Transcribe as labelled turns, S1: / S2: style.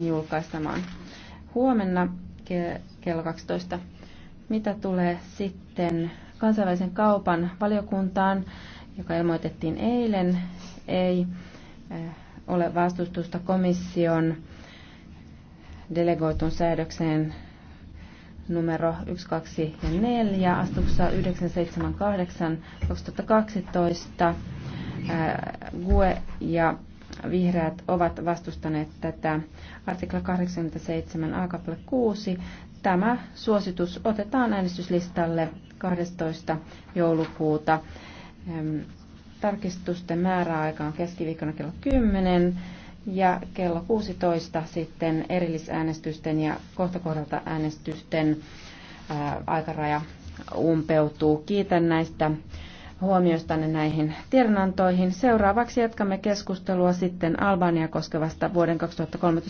S1: julkaisemaan huomenna kello 12. Mitä tulee sitten kansainvälisen kaupan valiokuntaan, joka ilmoitettiin eilen, ei eh, ole vastustusta komission delegoitun säädökseen numero 124 astuksessa 978 2012 GUE ja vihreät ovat vastustaneet tätä. Artikla 87 alkaple 6. Tämä suositus otetaan äänestyslistalle 12. joulukuuta. Tarkistusten määräaika on keskiviikkona kello 10 ja kello 16 sitten erillisäänestysten ja kohtakohdalta äänestysten aikaraja umpeutuu. Kiitän näistä huomiostanne näihin tiedonantoihin. Seuraavaksi jatkamme keskustelua sitten Albania koskevasta vuoden 2013